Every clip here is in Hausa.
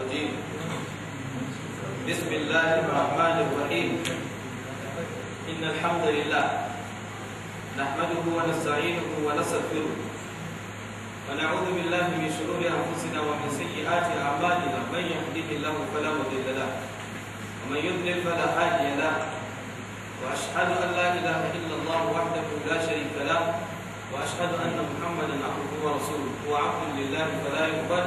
الرجيم بسم الله الرحمن الرحيم إن الحمد لله نحمده ونستعينه ونستغفره ونعوذ بالله من شرور أنفسنا ومن سيئات أعمالنا من يهده الله فلا مضل له ومن يضلل فلا هادي له وأشهد أن لا إله إلا الله وحده لا شريك له وأشهد أن محمدا عبده ورسوله هو عبد لله فلا يقبل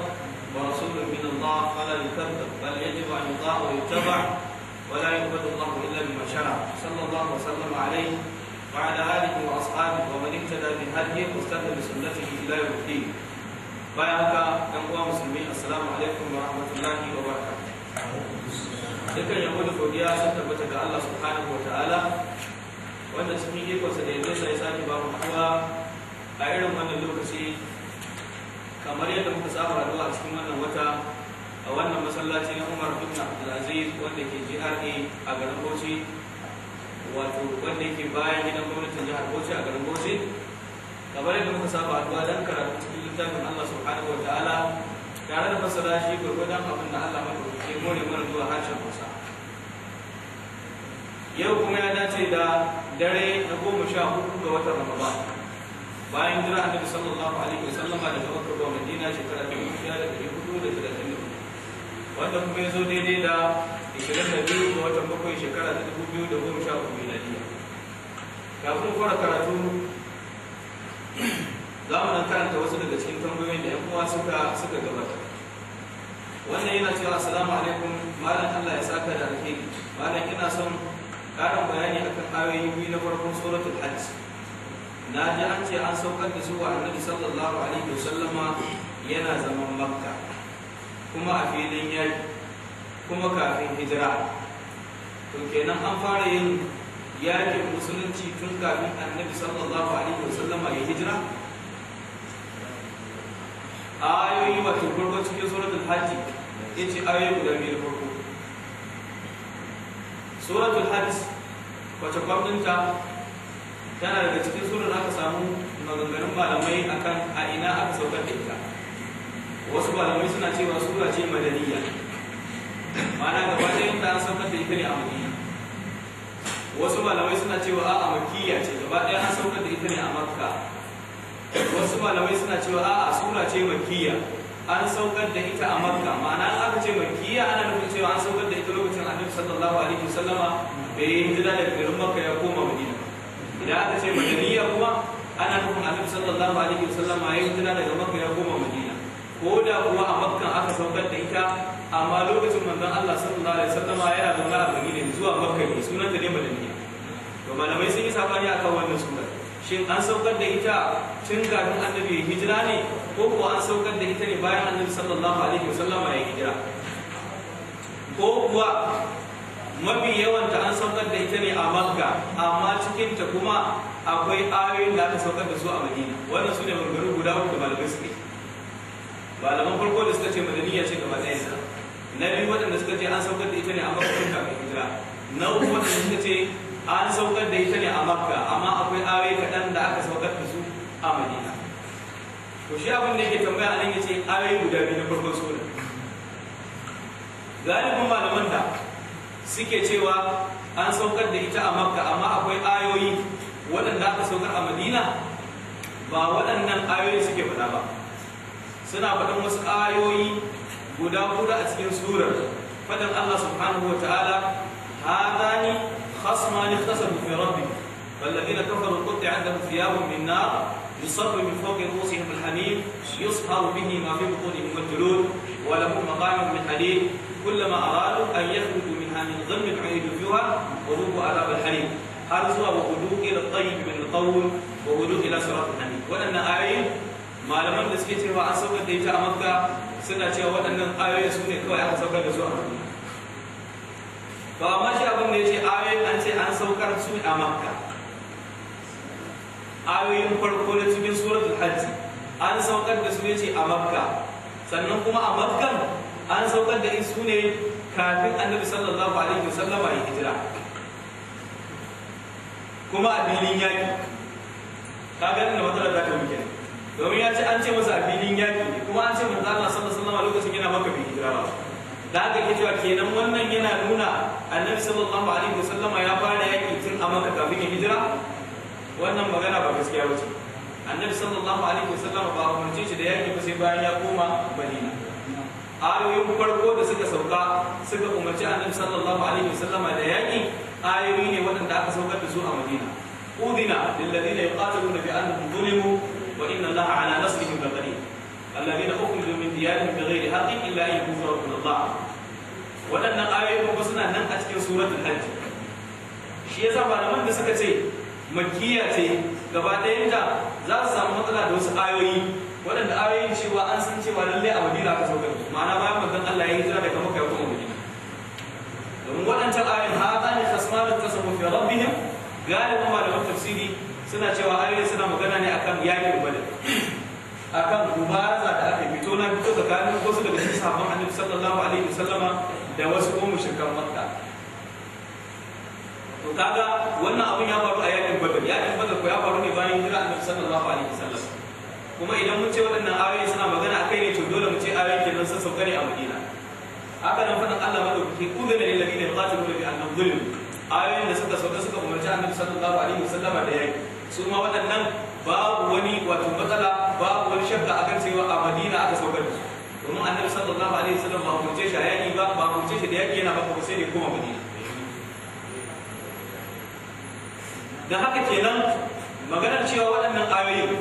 ورسول من الله فلا يكذب بل يجب ان يطاع ويتبع ولا يقبل الله الا بما شرع صلى الله وسلم عليه وعلى اله واصحابه ومن اهتدى بهديه واستنى بسنته الى يوم الدين bayan haka ɗan uwa musulmi assalamu alaikum wa dukkan yahudu godiya sun tabbata ga Allah subhanahu wa ta'ala wanda cikin ikonsa da yanzu sai sake ba mu a irin wannan lokaci kamar yadda muka saba da a cikin wannan wata a wannan masallaci na umar bin abdulaziz wanda ke jihar a garin bauchi wato wanda ke bayan gidan gwamnatin jihar bauchi a garin bauchi kamar yadda muka saba raduwa don karatu cikin littafin allah subhanahu wa ta'ala tare da masallaci gwargwadon abin da allah maɗaukaki ke more mana zuwa harshen hausa yau kuma ya dace da dare na goma sha hudu ga watan ramadan bayan jira annabi sallallahu alaihi wasallama daga makka zuwa madina shekara ta dubu da ɗari hudu da talatin da wanda kuma ya zo daidai da ishirin da biyu ga watan bakwai shekara ta dubu biyu da goma sha uku miladiya kafin fara karatu za mu nan karanta wasu daga cikin tambayoyin da 'yan uwa suka suka gabata wannan yana cewa assalamu alaikum malam Allah ya saka da alheri malam ina son karin bayani akan ayoyi biyu na farkon suratul hajj na ji an ce an saukar da su wa annabi sallallahu alaihi sallama yana zaman makka kuma a filin yaki kuma kafin hijira to kenan an fara yin yaƙin musulunci tun kafin annabi sallallahu alaihi sallama ya hijira ayoyi wato farko cikin suratul hajji ya ce ayoyi guda biyu da farko suratul hajji wace ta? tana daga cikin surar aka samu maganganun malamai akan a ina aka saukar da ita wasu malamai suna cewa sura ce madaniya Mana gaba ɗaya inda an saukar da ita ne a madina wasu malamai suna cewa a a makiyya ce gaba ɗaya an saukar da ita ne a makka wasu malamai suna cewa a a sura ce makiyya an saukar da ita a makka ma'ana aka ce makiyya ana nufin cewa an saukar da ita lokacin annabi sallallahu alaihi wasallama da ya yi hijira daga garin makka ya koma madina idan aka ce madaniya kuma ana nufin annabi sallallahu alaihi wasallam a yau tana daga makka ya koma madina ko da kuwa a makka aka saukar da ita amma lokacin manzon Allah sallallahu alaihi wasallam yana zaune a madina zuwa makka ne ta ne madaniya to malamai sun yi sabani akan wannan sunan shin an saukar da ita tun kafin annabi hijira ne ko kuwa an saukar da ita ne bayan annabi sallallahu alaihi wasallam ya hijira ko kuwa mafi yawanta an saukar da ita ne a makka amma cikinta kuma akwai ayoyin da aka saukar da su a madina wannan su ne maganganu guda uku da malamai suke malaman farko da suka ce madaniya ce gaba ɗaya sa na biyu waɗanda suka ce an saukar da ita ne a makka tun kafin hijira na uku waɗanda suka ce an saukar da ita ne a makka amma akwai ayoyi kaɗan da aka saukar da su a madina to shi abin da yake tambaya a nan ya ce ayoyi guda biyu na farkon sura galibin malaman da suke cewa an saukar da ita a makka amma akwai ayoyi waɗanda aka saukar a madina ba waɗannan ayoyi suke faɗa ba suna faɗin wasu ayoyi guda kuda a cikin surar faɗin allah subhanahu wa ta'ala hadani ni iktasabu fi rabbi والذين كفروا قطع a ثياب من نار يصب من فوق رؤوسهم الحميم يصهر به ما في بطونهم والجلود ولهم مقام من حديد كلما ارادوا ان يخرجوا من ضمن العيد فيها وروب عذاب الحريق هذا zuwa wa الى الطيب من min qawl الى hudu ila sirat an ما لم نسكت malaman da suke cewa an saukar da ita a makka suna cewa waɗannan ayoyi su ne kawai aka saukar da su a makka ba ma shi abin da ya ce ayoyi an ce an saukar su a makka ayoyin farko na cikin suratul hajj an saukar da su ne ce a makka sannan kuma a makka an saukar da su ne kafin annabi sallallahu alaihi wasallama ya hijira kuma a filin yaƙi ka ga inda matsalar za ta wuce domin ya ce an ce masa a filin yaƙi kuma an ce manzo Allah sallallahu alaihi wasallama lokacin yana maka bi hijira ba da haka ke cewa kenan wannan yana nuna annabi sallallahu alaihi wasallama ya fara yaƙi tun a maka kafin ya hijira wannan magana ba gaskiya ba ce annabi sallallahu alaihi wasallama ba umarce shi da yaƙi ba sai bayan ya koma madina ayoyin farko da suka sauka suka umarci annabi sallallahu alaihi wasallama da yaƙi ayoyi ne waɗanda aka saukar da su a madina udina lilladina yuqatiluna bi annahum zulimu wa inna allaha ala nasrihim laqadir alladina ukhrijuu min diyarihim bighairi haqqin illa an yakfuru bi allah waɗannan ayoyi kuma suna nan a cikin suratul hajj shi yasa malaman da suka ce makiya ce gaba ɗayanta za su samu matsala da wasu ayoyi waɗanda ayoyin cewa an san cewa lallai a madina aka saukar ma'ana ba bayan manzon Allah ya hijira daga Makka ya koma Madina domin waɗancan ayoyin hada ne kasmanin kasabu fi rabbihim galibin da tafsiri suna cewa ayoyin suna magana ne akan yakin Badr akan gubaraza da aka fito na fito tsakanin wasu daga cikin sahabban Annabi sallallahu alaihi wasallama da wasu kuma mushrikan Makka to kaga wannan abun ya faru a yakin Badr yakin Badr ko ya faru ne bayan hijira Annabi sallallahu alaihi wasallam kuma idan mun ce waɗannan ayoyi suna magana akai ne to ayoyin kenan sun sauka ne a Madina haka nan fadin Allah madaukaki udhina lil ladina yuqatiluna bi annahum zulimu ayoyin da suka sauka suka umarci Annabi sallallahu alaihi wasallama da yayi su ma waɗannan babu wani wato matsala babu wani shakka akan cewa a Madina aka sauka da su domin Annabi sallallahu alaihi wasallam ba hukunce shi a yaki ba ba hukunce shi da yaki yana ba sai ne koma Madina da haka kenan maganar cewa waɗannan ayoyin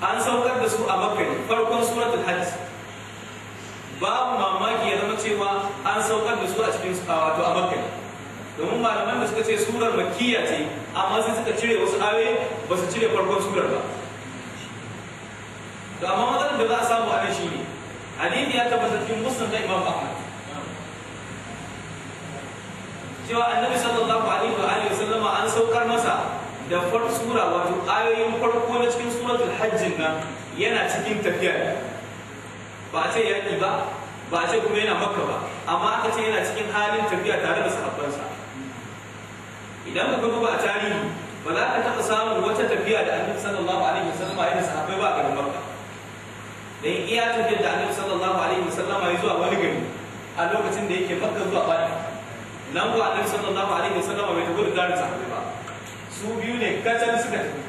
an saukar da su a makka farkon suratul hajj babu mamaki ya zama cewa an saukar da su a cikin wato a makka domin malaman da suka ce surar makiya ce amma sai suka cire wasu awe ba su cire farkon surar ba to amma matsalar da za a samu a shi ne, hadithi ya tabbatar cikin musulun da imam ahmad cewa annabi sallallahu alaihi wa alihi sallama an saukar masa da far sura wato ayoyin farko na cikin suratul hajj nan yana cikin tafiya ba a ce yaƙi ba ba a ce kuma yana makka ba amma aka ce yana cikin halin tafiya tare da sahabbansa idan ka ba a tarihi ba za ka taɓa samun wata tafiya da annabi sallallahu alaihi wasallam ya da sahabbai ba a garin makka dan iya tafiyar da annabi sallallahu alaihi wasallam ya zuwa wani gari a lokacin da yake makka zuwa bani nan ko annabi sallallahu alaihi wasallam bai tafi da garin sahabbai ba su biyu ne kacal suka tafi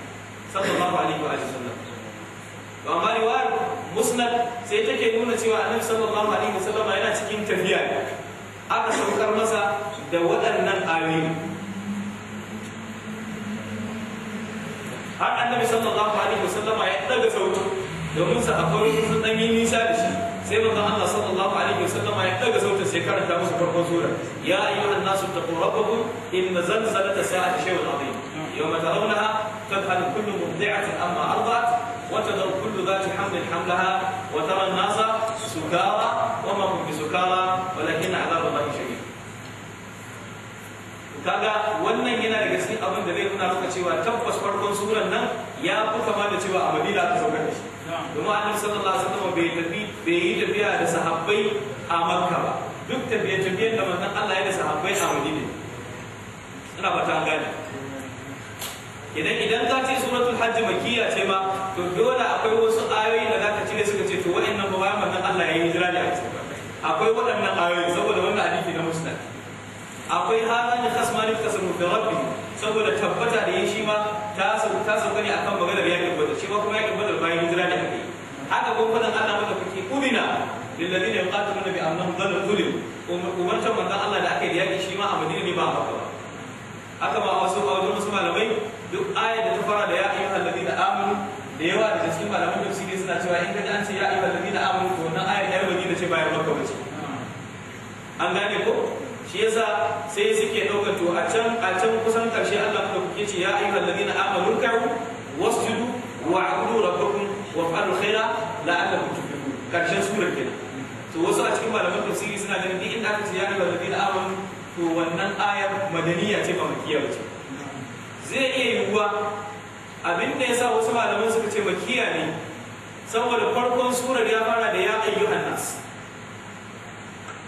sallallahu alaihi wasallam to amma riwayar musnad sai take nuna cewa annabi sallallahu alaihi wasallam yana cikin tafiya aka saukar masa da waɗannan ayoyi har annabi sallallahu alaihi wasallam ya daga sauti domin sa akwai sun dan yi nisa da shi sai manzon Allah sallallahu alaihi wasallam ya daga sautin sai karanta musu farkon sura ya ayyuhan nasu taqu rabbakum in zalzalata sa'ati shay'un azim yawma tarawnaha tadhhalu kullu mudhi'atin amma arda'at لا تحمل حملها وترى الناس سكارى وما هم بسكارى ولكن عذاب الله شديد kaga wannan yana da gaske abin da zai nuna maka cewa tabbas farkon suran nan ya fi kama da cewa a Madina ta saukar da shi domin annabi sallallahu alaihi wasallam bai tafi bai yi tafiya da sahabbai a Makka ba duk tafiye-tafiyen da manzon Allah ya da sahabbai a Madina ina ba ta gane idan idan ka ce suratul hajj makiyya ce ma to dole akwai wasu ayoyi da zaka cire suka ce to wa'annan ba bayan manzon Allah ya yi hijira ne a cikin akwai waɗannan ayoyi saboda wannan hadisi na musnad akwai da hadani khasmani samu da rabbi saboda tabbata da yi shi ma ta ta sauka ne akan maganar yakin badar shi ma kuma yakin badar bayan hijira ne aka yi haka kuma fadan Allah maka kuke ubina lilladina yuqatiluna bi annahum dhalu dhulim umm-, umarta manzon Allah da aka yi yaki shi ma a Madina ne ba haka ba haka ba wasu wajen wasu malamai duk ayar da ta fara da ya ayyuhal da amuru da yawa da cikin malaman tafsiri suna cewa in ka ji an ce ya ayyuhal da amuru to wannan ayar yar madina ce bayan makka bace an gane ko shi yasa sai suke ɗaukar to a can a can kusan karshe Allah ta kuke ce ya ayyuhal ladina amanu ka'u wasjudu wa'budu rabbakum wa fa'alu khaira la'allakum tuflihun karshen surar kenan to wasu a cikin da tafsiri suna ganin duk inda aka ce ya ayyuhal da amuru to wannan ayar madaniya ce ba makkiya ce zai iya yiwuwa abin da ya sa wasu malaman suka ce makiya ne saboda farkon surar ya fara da ya ayyuhan nas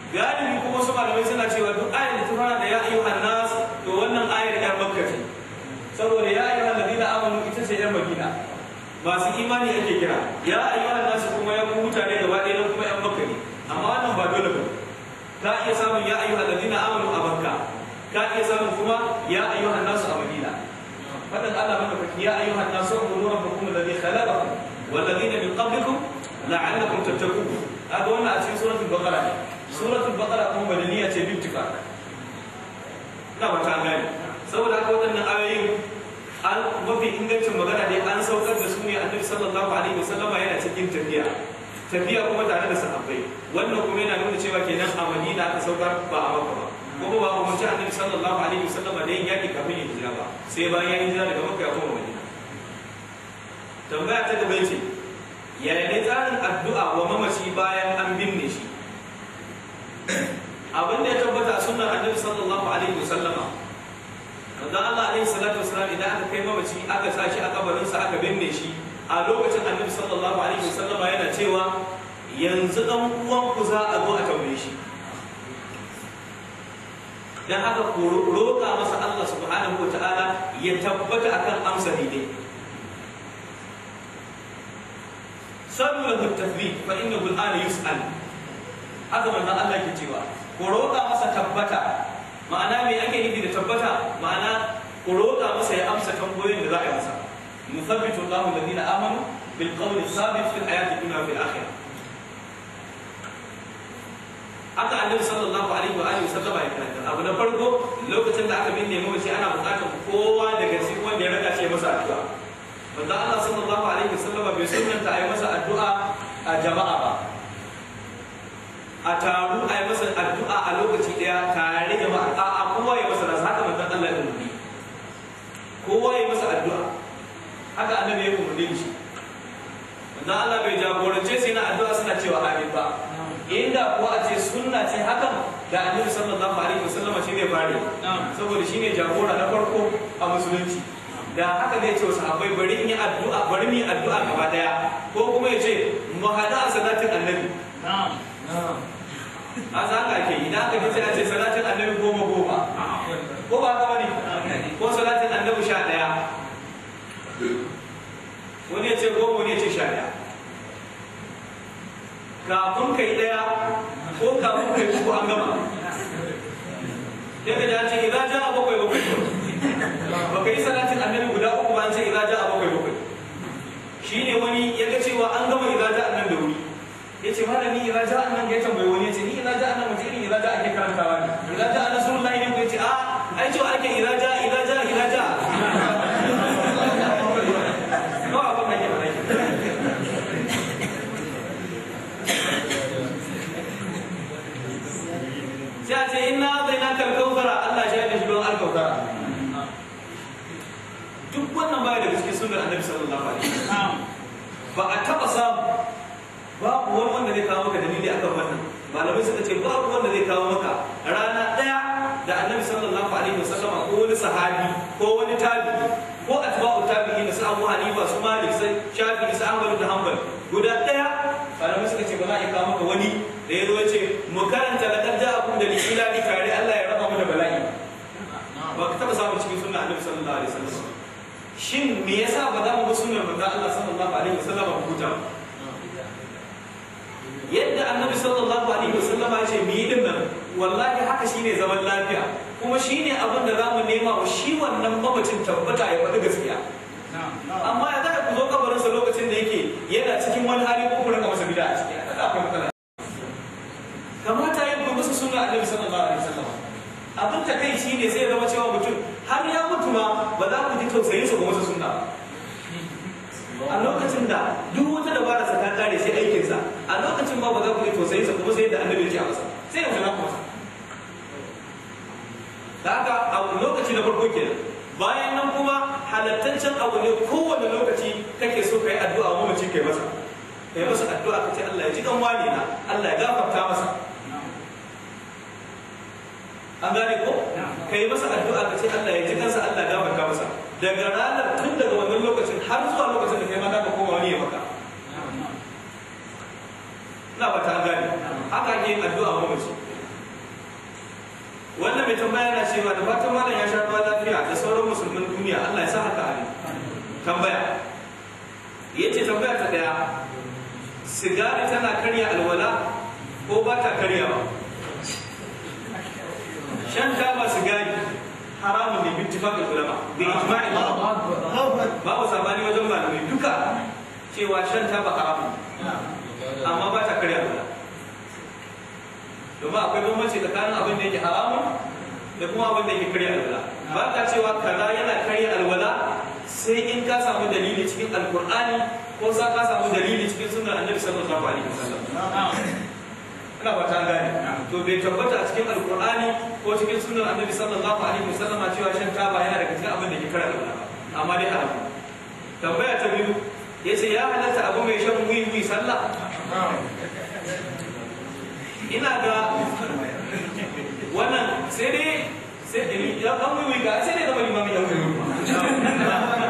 galibi kuma wasu malamai suna cewa duk ayar da ta fara da ya ayyu annas to wannan ayar ya makka ce saboda ya ayyuhan da amanu ita ce yan madina masu imani ake kira ya ayyu annas kuma ya mutane gaba ɗaya kuma yan makka ne amma wannan ba dole ba ka iya samun ya ayyuhan da amanu a makka ka iya samun kuma ya ayyu annas a madina فقد الله منك يا أيها الناس اعبدوا ربكم الذي خلقكم والذين من قبلكم لعلكم تتقون هذا هو أتي سورة البقرة سورة البقرة هم مدنية باتفاق لا وتعالى saboda haka waɗannan ayoyin an mafi ingancin magana dai an saukar da su ne annabi sallallahu alaihi wasallama yana cikin tafiya tafiya kuma tare da sahabbai wannan kuma yana nuna cewa kenan a Madina aka saukar ba a Makka ba kuma ba mu ci annabi sallallahu alaihi wasallam da yin yaki kafin ya hijira ba sai ba ya hijira daga makka ya madina tambaya ta gaba ce Ya ne tsarin addu'a wa mamaci bayan an binne shi abin da ya tabbata sunnar annabi sallallahu alaihi wasallam manzon Allah alaihi salatu wasallam idan aka kai mamaci aka sa shi a sa aka binne shi a lokacin annabi sallallahu alaihi wasallam yana cewa yanzu dan ku za a zo a tambaye shi dan haka ko roƙa masa Allah subhanahu wa ta'ala ya tabbata akan amsa daidai sabu lahu tafdhib fa al-ala yus'al haka manzon Allah ke cewa ko roƙa masa tabbata ma'ana me ake nufi da tabbata ma'ana ko roƙa masa ya amsa tambayoyin da za a yi masa nuthabbitu Allahu alladhina amanu bil qawli thabit fil hayati dunya wa fil akhirah haka annabi sallallahu alaihi wa alihi sallama ya karanta abu na farko lokacin da aka binne mamaci ana buƙatar kowa daga cikin wanda ya raga shi masa addu'a manzo Allah sallallahu alaihi sallama bai sunnanta ayi masa addu'a a jama'a ba a taru a yi masa addu'a a lokaci ɗaya tare da ma'aikata. a kowa ya masa nasa haka manzo Allah ya umarni kowa ya masa addu'a haka annabi ya umarni shi manzo Allah bai jagoranci ko a ce sunna ce hakan da annabi sallallahu alaihi wasallam shi ne fare saboda shi ne jagora na farko a musulunci da haka zai ce wasu abai bari ni yi addu'a bari mu yi addu'a gaba daya ko kuma ya ce mu hada a salatin annabi a zaka ka ke idan aka fice a ce salatin annabi goma goma ko ba ka bari ko salatin annabi sha daya wani ya ce goma wani ya ce sha daya kafin ka yi daya ko kafin kai uku an gama yadda ya ce idan ja a bakwai bakwai ba ka yi salatin annabi guda uku ba an ce idan ja a bakwai bakwai shi ne wani ya ga cewa an gama idan ja annan da wuri ya ce malami idan ja annan ya tambayi wani malik sai shafi an ahmad da hanbal guda daya malamai suka ce ba za a kawo maka wani da ya zo ya ce mu karanta la kadda abun da likila ni tare Allah ya raba mu da bala'i ba ka taba samun cikin sunna annabi sallallahu alaihi wasallam shin me yasa ba za mu bi sunnar manzo Allah sallallahu alaihi wasallam ba huta yadda annabi sallallahu alaihi wasallam ya ce mu yi din nan wallahi haka shine zaman lafiya kuma shine abin da zamu nema wa shi wannan mabacin tabbata ya faɗi gaskiya amma wani hali ko kuma rika masa bid'a a ciki a akwai matsala kamata yin ku musu sunna annabi sallallahu alaihi wasallam abin ta kai shine sai zama cewa mutum har ya mutu ma ba za ku ji tausayin su ga masa sunna a lokacin da duk wata dabara sa ta kare sai aikinsa a lokacin ma ba za ku ji tausayin sa kuma sai da annabi ya ce masa sai yaushe na ku masa da haka a lokaci na farko kenan bayan nan kuma halattaccen abu ne kowane lokaci kake so ka yi addu'a mamaci kai masa kai masa addu'a ka ce Allah ya ji dan wani na Allah ya gafarta masa an gane ko kai masa addu'a ka ce Allah ya ji kansa Allah ya gafarta masa daga ranar tun daga wannan lokacin har zuwa lokacin da kai ma ka koma wani ya maka ina ba ta gane haka ke addu'a wa mace wannan mai tambaya na cewa da fatan malam ya sha ruwa lafiya da sauran musulmin duniya Allah ya sa haka a tambaya yace tambaya ta daya sigari tana karya alwala ko ba ta karyawa shan taba sigari haramun ne bittifaqil ulama bi ijma'il ba ba sabani wajen mai duka cewa shan taba haramun amma ba ta karya alwala domin akwai bambanci tsakanin abin da yake haramun da kuma abin da yake karya alwala ba ta cewa kaza yana karya alwala sai in ka samu dalili cikin alkur'ani kun san ka samu dalili cikin sunan annabi sallallahu alaihi wasallam ina ba ta gane to bai tabbata a cikin alqur'ani ko cikin sunan annabi sallallahu alaihi wasallam cewa shan taba yana daga cikin abin da ke karanta ba amma dai haramu tambaya ta biyu yace ya halatta abu mai shan wuyi sallah ina ga wannan sai dai sai dai eh, ya kan wuyi ga sai dai zama limamin ya wuyi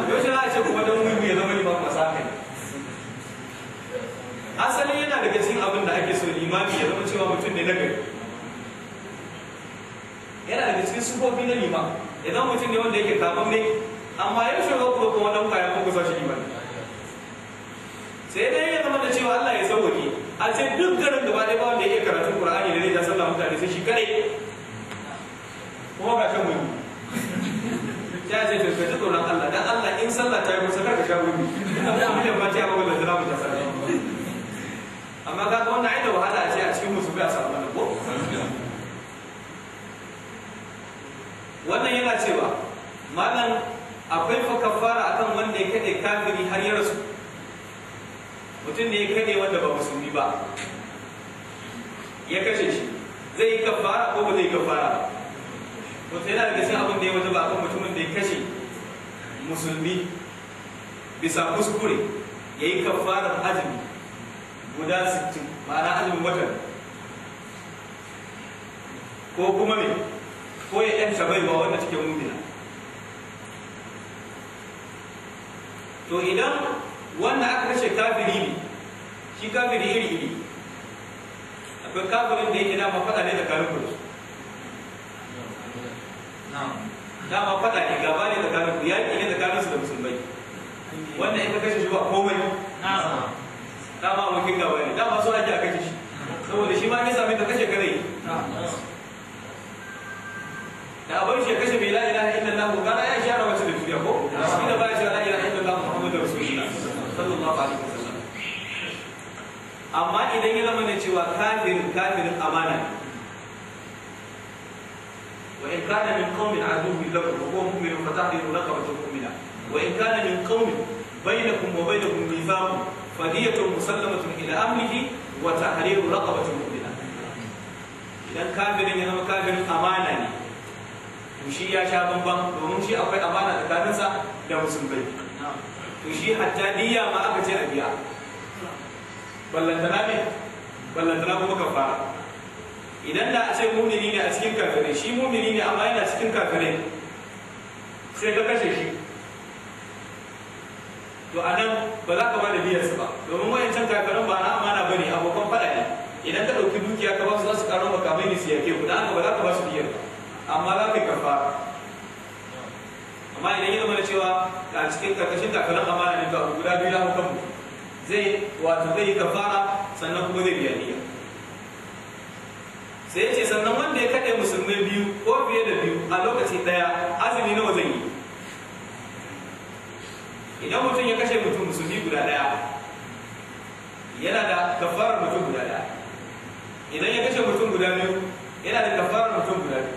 asali yana daga cikin abin da ake so limami ya zama cewa mutum ne na gari yana daga cikin sufofi na lima idan mutum ne wanda yake kamar ne amma yau shi ku kuma wannan kwaya kun kusa shi limami sai dai ya zama da cewa Allah ya sauke a ce duk garin gaba ɗaya ba wanda yake karatun Qur'ani da zai ja sallah mutane sai shi kadai kuma ga kan wani ya ce ka ji tsoron Allah dan Allah in sallah ta yi kusa kar ka sha wani ina ta amma ka ga wannan ai da wahala ce a cikin musulmi a samu ne ko wannan yana cewa malam akwai fa kafara akan wanda ya kade kafiri har ya rasu mutum ne ya kade wanda ba musulmi ba ya kashe shi zai yi kafara ko ba zai kafara ba sai yana da cikin abin da ya wata ba akan mutumin da ya kashe musulmi bisa kuskure ya yi kafarar azumi guda 60 ma'ana azumin watan ko kuma me ko ya yanta bai ba wanda take mumina to idan wanda aka kashe kafiri ne shi kafiri iri iri akwai kafirin da yake dama faɗa ne da karin dama faɗa ne gaba ne da karin ya ne da karin su da musulmai wanda ya kashe shi ba komai dama abokin gaba ne dama so ake a kashe shi saboda shi ma ne kashe kare da bar shi ya kashe mai la'ila ilaha illallah ko ya shara wacce da duniya ko shi da baya shara la ilaha illallah muhammadu rasulullah sallallahu alaihi wasallam amma idan ya zama ne cewa kafirin kafirin amana وإن كان من قوم عدو لكم وهو مؤمن فتحرر رقبة مؤمنة وإن كان من قوم بينكم وبينهم ميثاق فدية مسلمة إلى أهله وتحرير رقبة مؤمنة إذا كافر ينام كافر أمانة وشي يا شابان بان ومن شي أقوي أمانة تكادنسا دا مسلمين وشي حتى دية ما أبجي أبيع ballantana ne ballantana kuma kafara idan da a ce mumini ne a cikin kafirai shi mumini ne amma yana cikin kafirai sai ka kashe shi to a nan ba za ka ba da biyarsa ba domin wayancan kakarun ba na amana ba ne abokan fada ne idan ka ɗauki dukiya ka ba su za su karo makamai ne su yake ku haka ba za ka ba su biyar amma za ka yi karfa amma idan ya zama cewa a cikin karkashin kakarun amana ne ga guda biyu lahu kan mutum zai wato zai yi kafara sannan kuma zai biya niyya sai ya ce sannan wanda ya kaɗe musulmai biyu ko fiye da biyu a lokaci ɗaya azumi nawa zai yi guda daya yana da kafarar mutum guda daya idan ya kashe mutum guda biyu yana da kafarar mutum guda biyu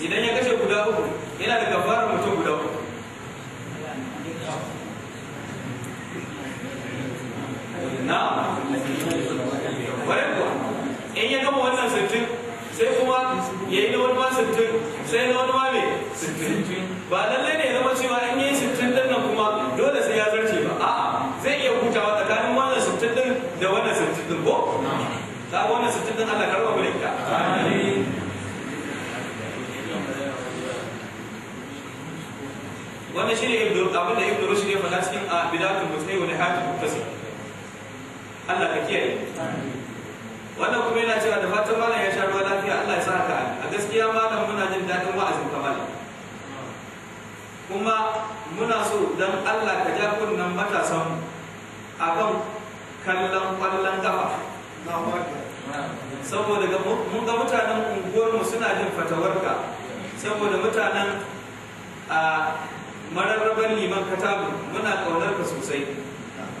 idan ya kashe guda uku yana da kafarar mutum guda uku na bare kuwa in ya gama wannan sittin sai kuma ya yi na wani ma sittin sai na wani ma mai sittin ba lallai wannan shine ibnu abin da ibnu shi ne faɗa cikin a ah, bidatul mutane wa nihayatul muttasil Allah ka kiyaye wannan kuma yana cewa da fatan malam ya sha ruwa lafiya Allah ya sa ka a gaskiya malam muna jin daɗin wa'azin ka malam kuma muna so dan Allah ka ja kunnan matasan akan kallon kwallon kafa saboda mun ga mutanen unguwarmu suna jin fatawarka saboda mutanen a ah, mararraban liman katabu muna kaunar ka sosai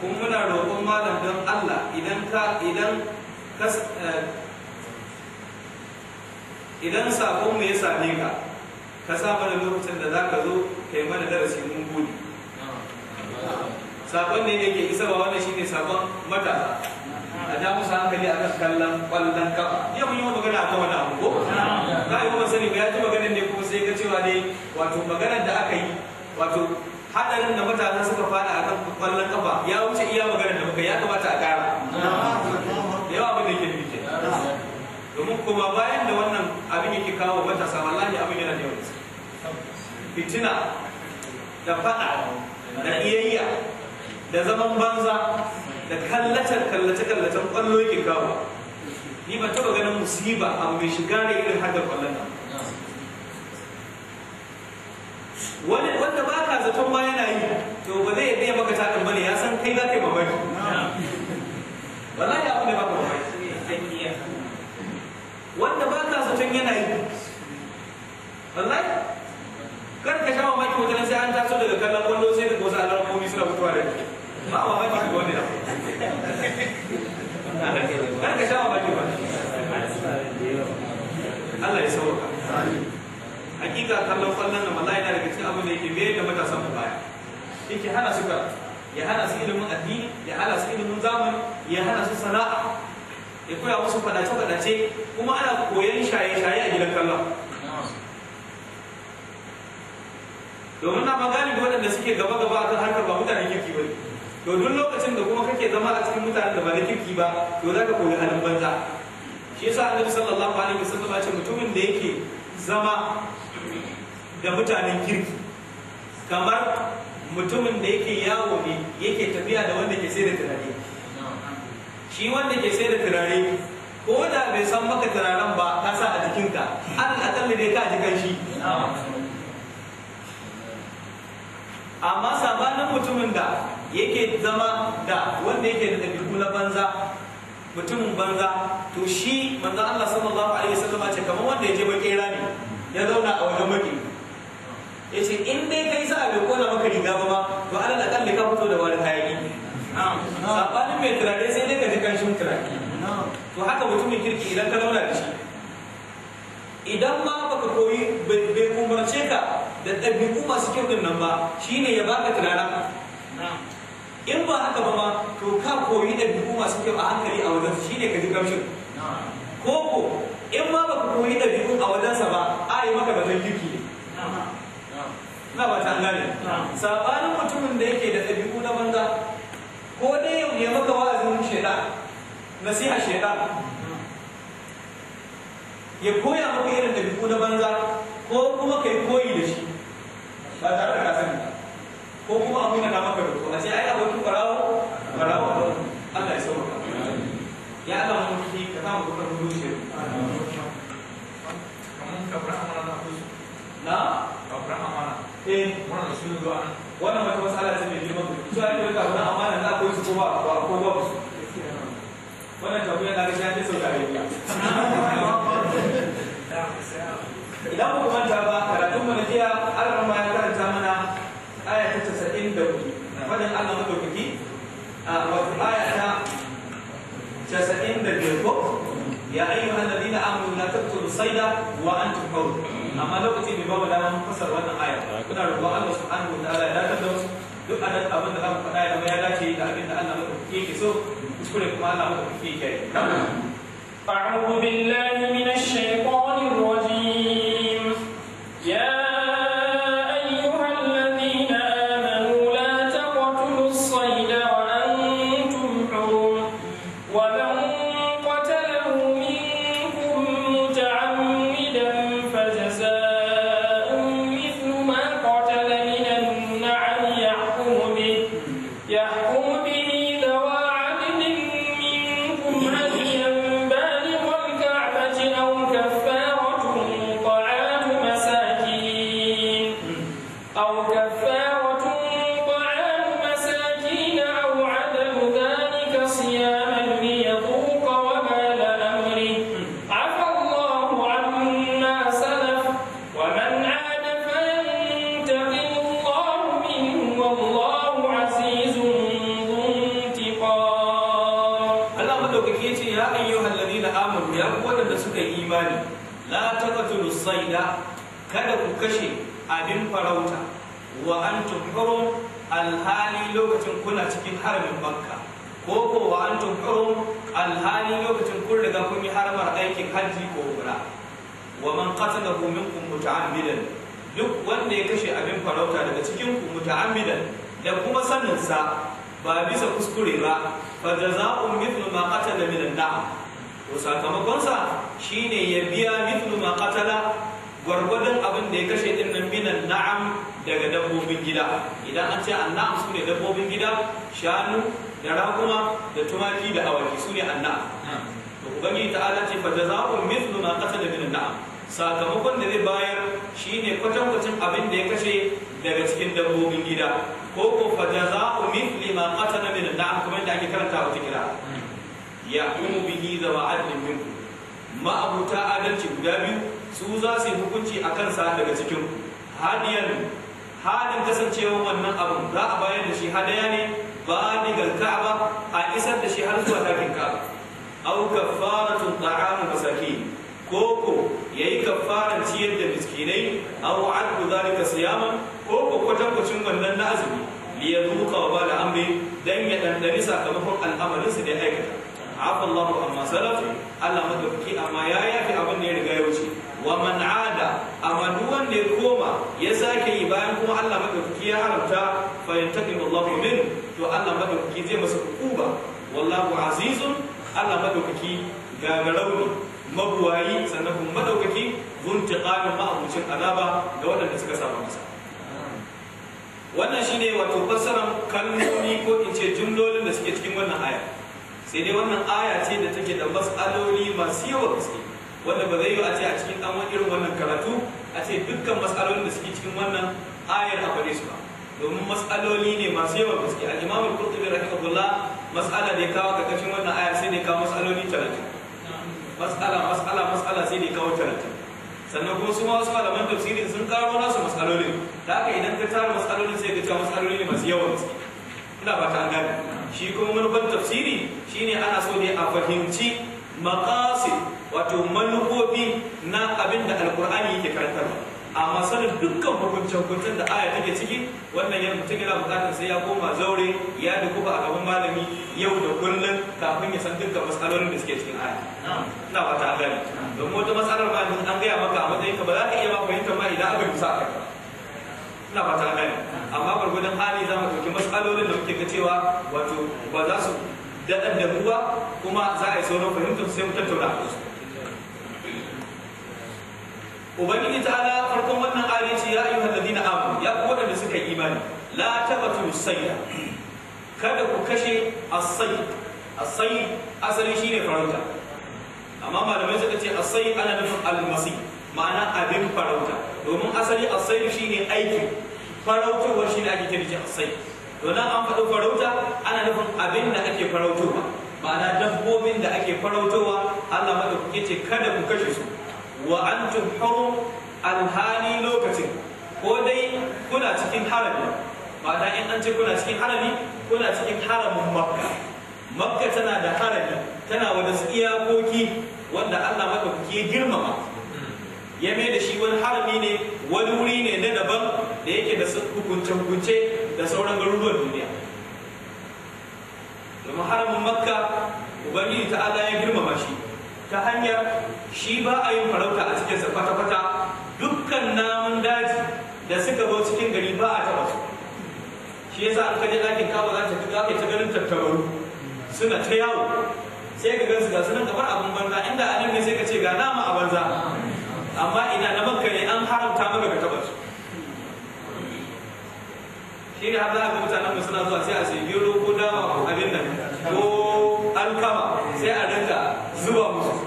kuma muna roƙon malam don Allah idan ka idan eh, idan sakon mu ya same ka ka sa mana lokacin da za ka zo ka yi mana darasi mun gode sakon ne yake isa ba wannan shine sakon matasa a ja musu hankali a kan kallon kwallon kafa ya mun yi magana a kan wani abu ko za yi kuma sani ba ya ji maganar ne kuma sai ka cewa ne wato maganar da aka yi wato haɗarin da mutanen suka fada a kan kwallon kafa ya wuce iya maganar da muka ya kamata a ƙara da yawa abin da yake nufi domin kuma bayan da wannan abin yake kawo matasa wallahi abin yana da yawa fitina da faɗa da iyayya da zaman banza da kallacen kallace kallacen kwallo yake kawo ni ba taɓa ganin musiba abu mai shiga da irin hadar kwallon nan wani wanda ba ka zaton ma yana yi to ba zai iya maka takan bane ya san kai za ka yi mamaki wallahi abu ne ba ka mamaki wanda ba ka zaton yana yi wallahi kar ka sha mamaki wajen sai an taso daga kallon kwallo sai ka wasu alarmomi suna fitowa da ke ba mamaki ga wani da kar ka sha mamaki ba Allah ya sauka. hakika kallon kwallon da wallahi yana daga cikin abin da yake me da matasan mu baya yake hana su karatu ya hana su ilimin addini ya hana su ilimin zamani ya hana su sana'a ya koya musu fadace fadace kuma ana koyon shaye shaye a gidan kallon domin na magani waɗanda suke gaba gaba a kan harkar ba mutanen kirki ba to duk lokacin da kuma kake zama a cikin mutanen da ba na kirki ba to za ka koyi halin banza shi yasa annabi sallallahu alaihi wasallam ya ce mutumin da yake zama da mutanen kirki kamar mutumin da yake yawo ne yake tafiya da wanda ke sai da turare shi wanda ke sai da turare ko da bai san maka turaren ba ka sa a jikinka an akalli dai ka ji kanshi amma sabanin mutumin da yake zama da wanda yake da ɗabi'u na banza mutumin banza to shi manzo Allah sallallahu alaihi wasallam ce kamar wanda ya je makera ne ya zauna a wajen maki ya ce in dai kai sa bai kona maka riga ba ma to ala da kalli ka fito da wani hayaki sabanin mai turare sai dai ka ji kanshin turare to haka mutumin kirki idan ka zauna da shi idan ma baka koyi bai umarce ka da ɗabi'u masu kyau din nan ba shine ya baka turara. in ba haka ba ma to ka koyi da dubu masu kyau a hankali a wajen shi ne ka ji gamshin ko ko in ma ba ka koyi da dubu a sa ba a yi maka bazan girki ne na ba ta gane sabanin mutumin da yake da ɗabi'u na banza ko dai ya maka wa'azin shaidan nasiha shaidan ya koya maka irin ɗabi'u na banza ko kuma kai koyi da shi ba tare da ka sani ba ko kuma a na maka da kuma sai ai abokin barawo barawo Allah ya sauka ya Allah mun fi ka samu kuma rubu shi kaman kabra amana na kusa na kabra amana eh wannan shi zuwa wannan wata masala ce mai girman ku to ai ka amana za ko su ko ba ko ba su wannan tafiya na ga shi an sauka ne idan ku manta ba fadin Allah madaukaki a wato aya ta 95 ko ya ayyuhal ladina amanu la taqtulu sayda wa antum amma lokaci bai ba mu dama mun fasar wannan aya kuna roƙon Allah subhanahu wa ta'ala ya dakatar da wasu duk anan abin da za mu faɗa ya dace da abinda da Allah so kuskure kuma Allah madaukaki yake yi أعوذ kuna cikin haramin makka ko ko wa antum hurum alhali lokacin kun riga kun yi haramar aikin hajji ko umra wa man qatalahu minkum muta'ammidan duk wanda ya kashe abin farauta daga cikin ku muta'ammidan da kuma sanin sa ba bisa kuskure ba fa jazaa'u mithlu ma qatala min an-na'am to sakamakon sa shine ya biya mithlu ma qatala gwargwadon abin da ya kashe din nan minan na'am daga dabbobin gida idan an ce anna'am su ne dabbobin gida shanu da raguma da tumaki da awaki su ne anna'am to ubangiji ta'ala ce fa jazaa'u mithlu ma qatala min na'am sakamakon da zai bayar shine kwatankwacin abin da ya kashe daga cikin dabbobin gida ko ko fa jazaa'u mithli ma qatala minan na'am kamar da ake karanta a kira ya umu bihi zawa minku ma'abuta adalci guda biyu su za su yi hukunci a kansa daga cikin hadiyan halin kasancewar wannan abun za a bayar da shi hadaya ne ba digal ka'aba a isar da shi har zuwa takin ka'aba aw kafaratun ta'amu masaki yi yayi kafaran ciyar da miskinai aw adku ko siyaman koko kwatankwacin wannan na azumi li zuka wa bala amri dan ya dandani sakamakon al'amarin su da aikata afa Allahu amma salafu Allah madaukaki amma ya yafi abin da ya riga ya wuce wa man ada amma duk wanda ya koma ya sake yi bayan kuma Allah madaukaki ya haramta fa yantaqimu Allahu min to Allah madaukaki zai masa hukuba wallahu azizun Allah madaukaki gagarau mabuwayi sannan kuma madaukaki zuntiqamin ma'abucin azaba ga waɗanda suka samu masa wannan shine wato fassara kalmomi ko in ce jumlolin da suke cikin wannan aya sai dai wannan aya ce da take da matsaloli masu yawa gaske wanda ba zai yi a ce a cikin ɗan irin wannan karatu a ce dukkan matsalolin da suke cikin wannan ayar a faɗe su ba domin matsaloli ne masu yawa gaske a imam al-qurtubi rahimahullah matsala da ya kawo kakashin wannan aya sai da ya kawo matsaloli talatin matsala matsala matsala sai da ya kawo talatin sannan kuma su ma wasu malaman tafsirin sun karo nasu matsalolin da haka idan ka tara matsalolin sai ka ce matsaloli ne masu yawa gaske ina ba ta an gane shi kuma manufar tafsiri shine ana so ne a fahimci makasi wato manufofi na abin da alkur'ani yake karantarwa A sanin dukkan hukuncin hukuncin da aya take ciki wannan ya mutum yana bukatar sai ya koma zaure ya duku a gaban malami yau da kullum kafin ya san dukkan matsalolin da suke cikin aya ina wata gani domin wata matsalar ma an gaya maka a matsayin ka ba za ka iya ma fahimtar ma idan aka bisa a ina fata ta amma gwargwadon hali za mu ɗauki matsalolin da muke ga cewa wato ba za su daɗan da ruwa kuma za a yi sauran fahimtar sai mu tattauna a su ubangiji ta ala farkon wannan ayoyi ce ya ayyuhal na abu ya fi waɗanda suka yi imani la tabatu sayya kada ku kashe asai asai asali shine farauta amma malamai suka ce asai ana nufin almasi ma'ana abin farauta domin asali asai shine aiki shi shine ake kira shi asai domin an faɗi farauta ana nufin abin da ake farautowa ma'ana dabbobin da ake farautowa Allah ke ce kada ku kashe su wa antum hurum alhali lokacin ko dai kuna cikin harami ma'ana in an ce kuna cikin harami kuna cikin haramin makka makka tana da harami tana wani iyakoki wanda Allah madaukake ke girmama ya mai da shi wani harami ne wani wuri ne na daban da yake da hukunce-hukunce da sauran garuruwan duniya domin haramin makka ubangiji ta ala ya girmama shi ta hanyar shi ba a yin farauta a cikinsa kwata-kwata dukkan namun daji da suka bau cikin gari ba a taba su shi ya sa kaje ɗakin kawo za ta ga ta ganin tattabaru suna ta yawo sai ka gansu ga sunan kamar abin banza inda anan sai ka ce ga nama a banza amma ina na maka ne an haramta maka ka taba su shi ne har za a ga mutanen suna zuwa sai a sai gero ko dawa ko abin nan ko alkama sai a rinka zuba musu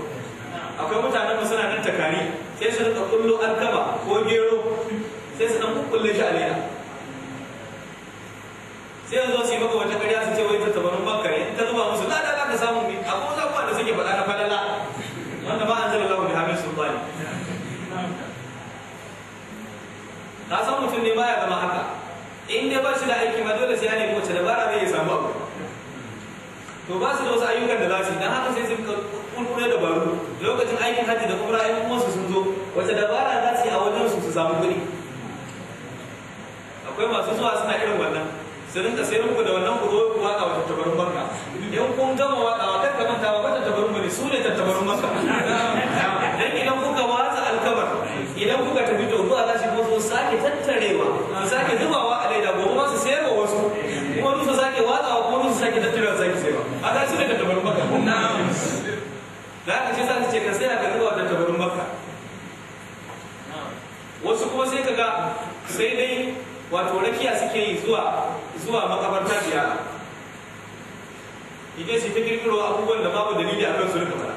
akwai mutanen suna nan takari sai su rinka kullo alkama ko gero sai su dan kukkulle shi a leda sai yanzu su yi maka wata karya su ce wai ta tabarun bakare ta zuba musu ka san mutum ne baya zama haka in dai ba shi da aiki ma dole sai ya nemi wace dabara ne ya samu abu to ba su da wasu ayyukan da za su yi dan haka sai sun kulkule dabaru lokacin aikin hajji da umra ayyukan wasu sun zo wace dabara za su yi a wajen su su samu kuɗi akwai masu zuwa suna irin wannan su rinka sai rinku da wannan ku zo ku waka Tattabarun tabarun banka in kun gama waka wa kanka manta ba wata Tattabarun bane su ne tattabarun banka dan idan kuka watsa alkabar idan kuka tafi sake tattarewa sake zubawa a laida gobe ma su sayarwa wasu kuma su sake watsawa ko su sake tattarewa su sake sayarwa a ga su ne da tabarun baka na'am da ka ce za sa ce ka saya ka zuba da tabarin baka wasu kuma sai ka ga sai dai wato rakiya suke yi zuwa zuwa makabarta biya idan su ta kirkiro abubuwan da babu dalili a kan su rika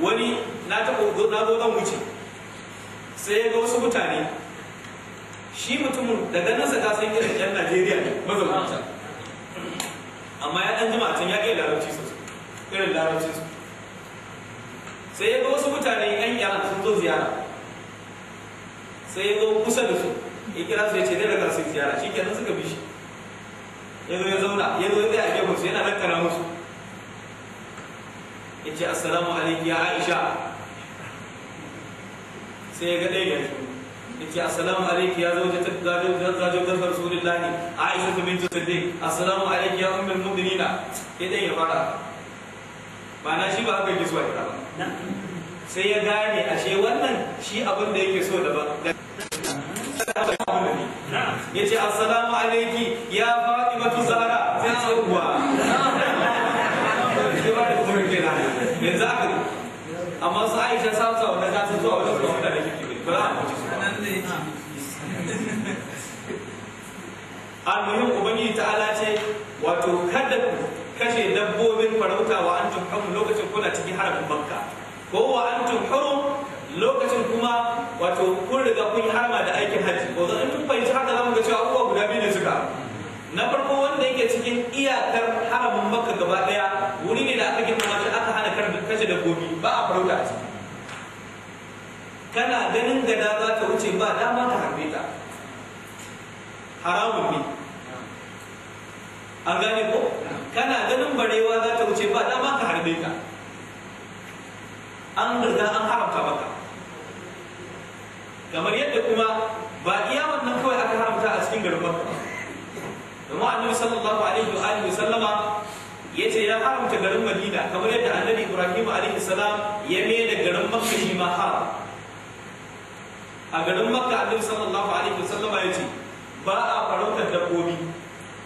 wani na taɓa na zo zan wuce sai ya ga wasu mutane shi mutumin da ganin ta san irin yan najeriya ne mazamanta amma ya dan jima can ya ga larabci su irin larabci su sai ya ga wasu mutane yan yara sun zo ziyara sai ya ga kusa da su ya kira su ya ce zai raka su ziyara shi kenan suka bi shi ya zo ya zauna ya zo ya tsaya a gefen su yana rakkana musu ya ce assalamu alaikum ya aisha sai ya ga ɗaya ya zo yace assalamu alayki ya da zawjata zawjata rasulillah aisha bint siddiq assalamu alayki ya ummul mu'minin Ya ɗaya ya fara ba na shi ba haka yi zuwa kira ba sai ya gane ashe wannan shi abin da yake so da ba ya ce assalamu alaiki ya faɗi matu zara sai tsohon uwa yanzu aka amma su aisha samu sa wani kasu zuwa wani almuhim ubangiji ta'ala ce wato kada ku kashe dabbobin farauta wa antum harum lokacin kuna cikin haramin makka ko wa antum harum lokacin kuma wato kun riga kun yi harma da aikin hajji ko zan tun fahimci haka zamu ga cewa abubuwa guda biyu ne suka na farko wanda yake cikin iyakar haramin makka gaba daya kana ganin gada za ta wuce ba dama ka harbe ta haramun ne an gane ko kana ganin barewa za ta wuce ba dama ka harbe ta an riga an haramta maka kamar yadda kuma ba iya wannan kawai aka haramta a cikin garin makka domin annabi sallallahu alaihi wa alihi sallama yace ya haramta garin madina kamar yadda annabi ibrahim alaihi salam ya mai da garin makka shi ma haram a garin makka annabi sallallahu alaihi wasallam ya ce ba a farautar dabbobi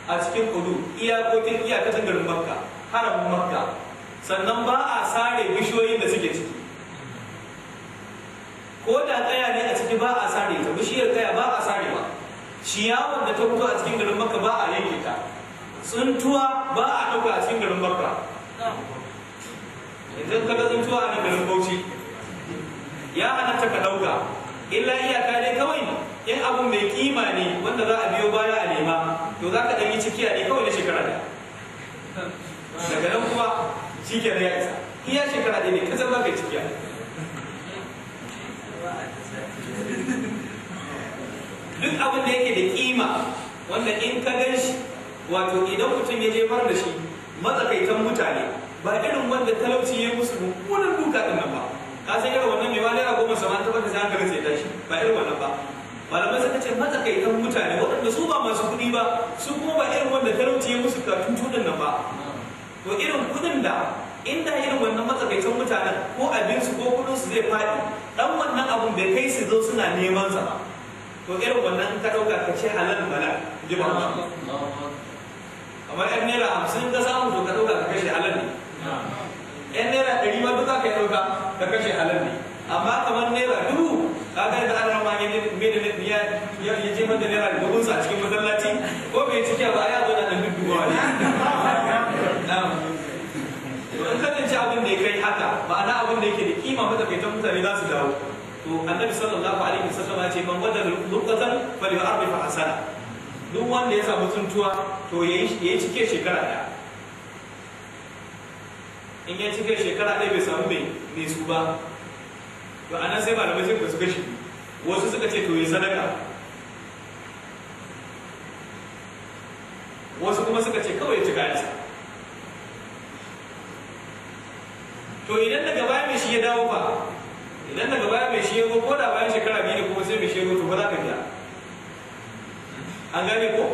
a cikin kudu iyakokin iyakacin garin makka haramun makka sannan ba a sare bishiyoyin da suke ciki ko da kaya ne a ciki ba a sare ta bishiyar kaya ba a sarewa ciyawar da ta fito a cikin garin makka ba a yanke ta tsuntuwa ba a ɗauka a cikin garin makka idan ka ga tsuntuwa a nan garin bauchi ya halatta ka ɗauka illa iyaka dai kawai in abu mai kima ne wanda za a biyo baya a nema to za ka ɗanyi cikiya ne kawai na shekara ɗaya daga nan kuma shi ke ya isa ya shekara ɗaya ne kasar za ka yi cikiya duk abin da yake da kima wanda in ka gan shi wato idan mutum ya je bar da shi matsakaitan mutane ba irin wanda talauci ya musu mummunan duka ɗin nan ba ka san irin wannan mai wani goma sama ta za sai hankalin ta tashi ba irin wannan ba malamai suka ce matsakaitan mutane waɗanda su ba masu kuɗi ba su kuma ba irin wanda talauci ya musu katun din nan ba to irin kuɗin da inda irin wannan matsakaitan mutanen ko abinsu ko su zai faɗi ɗan wannan abun bai kai su zo suna neman sa ba to irin wannan ka ɗauka ka ce halal bala ji ba kamar yan naira hamsin ka samu to ka ɗauka ka kashe halal ne yan naira ɗari ma duka kai ɗauka da kashe halal ne amma kamar naira dubu ka ga da ana ma ne ya ya je mata naira dubu sa cikin masallaci ko bai cike ba ya zo da ɗan dubuwa ne in ka ci abin da ya kai haka ma'ana abin da yake da kima matsakaitan mutane za su dawo to annabi sallallahu alaihi wasallam ya ce man wadda luqatan falyu'arif hasana duk wanda ya samu tuntuwa to yayi yayi cike shekara daya in ya cika shekara ɗaya bai samu mai mai su ba to a nan sai malamai sai su kashi wasu suka ce to yi sadaka wasu kuma suka ce kawai ya ci to idan daga baya mai shi ya dawo ba idan daga baya mai shi ya ko da bayan shekara biyu ne kuma sai mai shi ya to ba za ka biya an gane ko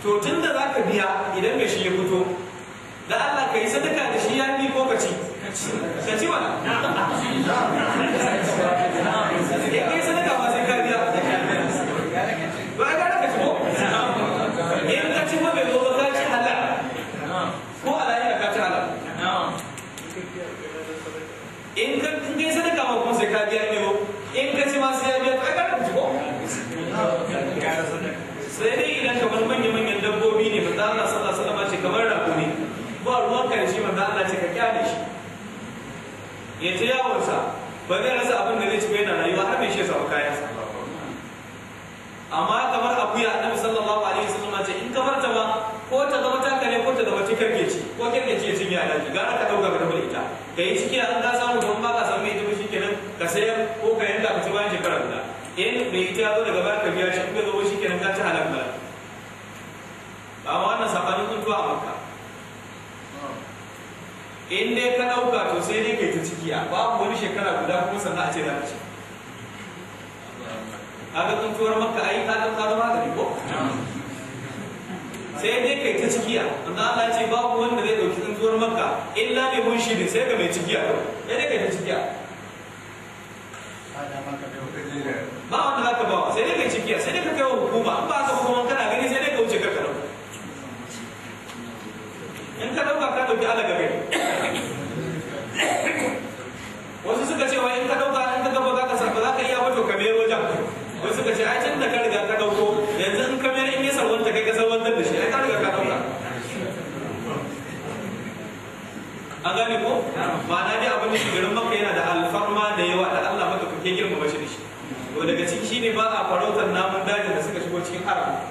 to tun da za ka biya idan mai shi ya fito da Allah ka yi sadaka da shi ya fi ko ka ci ka ci mana Allah ce ka kyale shi ya ta yawonsa ba zai rasa abin da zai ci na rayuwa har mai shi ya kayan sa amma kamar akuya annabi sallallahu alaihi wasallam ce in ka ta ba ko ta zama ta kare ko ta zama ta ci ko karkeci ya cinye alaji gara ka dauka ka tabbata ita ka yi ciki an ka samu don ba ka samu mai ke shikenan ka sayar ko ka yanka ka ci bayan shekarar da in bai ita zo daga baya ka biya shi ko zo shikenan ka ci halal in dai ka ɗauka to sai dai kai ta ciki a babu wani shekara guda kuma sannan a ce za a ci kaga tsuntuwar maka ai ka ɗauka da magani ko sai dai kai ta ciki A amma Allah ce babu wanda zai ɗauki tsuntuwar maka illa mai mun shi sai ga mai cikiya sai dai kai ta ciki a ba wanda haka ba sai dai kai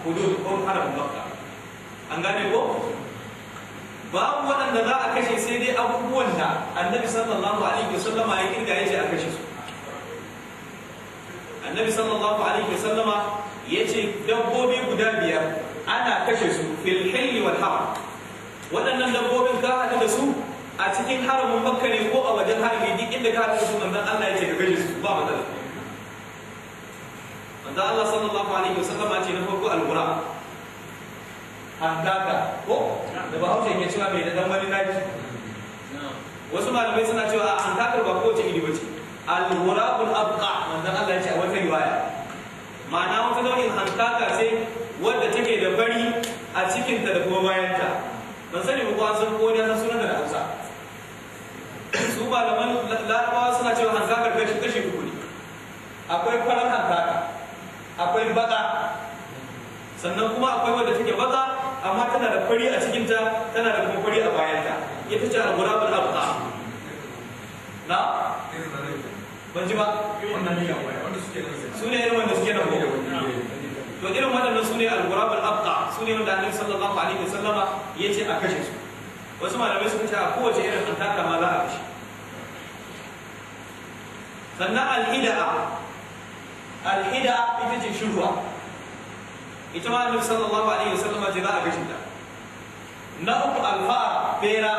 hudud ko haram makka an gane ko babu waɗanda za a kashe sai dai abubuwan da annabi sallallahu alaihi wasallama ya kirga ya ce a kashe su annabi sallallahu alaihi wasallama ya ce dabbobi guda biyar ana kashe su fil hilli wal haram waɗannan dabbobin ka haɗu da su a cikin haramin makka ne ko a wajen harami duk inda ka haɗu da su manzon Allah ya ce ka kashe su ba matsala manzo Allah sallallahu alaihi wasallam ce na farko al-qura haddaka ko da ba hausa yake cewa mai da dan wani naki wasu malamai suna cewa a takar ba ko ce iri bace al-qura'ul abqa manzo Allah ya ce a wata riwaya ma'ana wata nau'in haddaka ce wadda take da bari a cikinta da kuma bayanta ban sani ba kuwa sun kone san sunan da Hausa su malaman larabawa suna cewa hankakar kashi kashi uku ne akwai farar hankaka akwai baka sannan kuma akwai wanda take baka amma tana da fari a cikinta tana da kuma fari a bayanta ita ce al-ghurabul abqa na ban ji ba su ne irin wanda suke nan ko to irin waɗannan su ne al-ghurabul abqa su ne wanda annabi sallallahu alaihi wasallama yace a kashe su wasu malamai suka ce a kowace irin antaka ma za a kashe sannan al-ida'a alhida ita ce shirwa ita ma annabi sallallahu alaihi wasallam ce za a gashi ta na uku alfa'a bera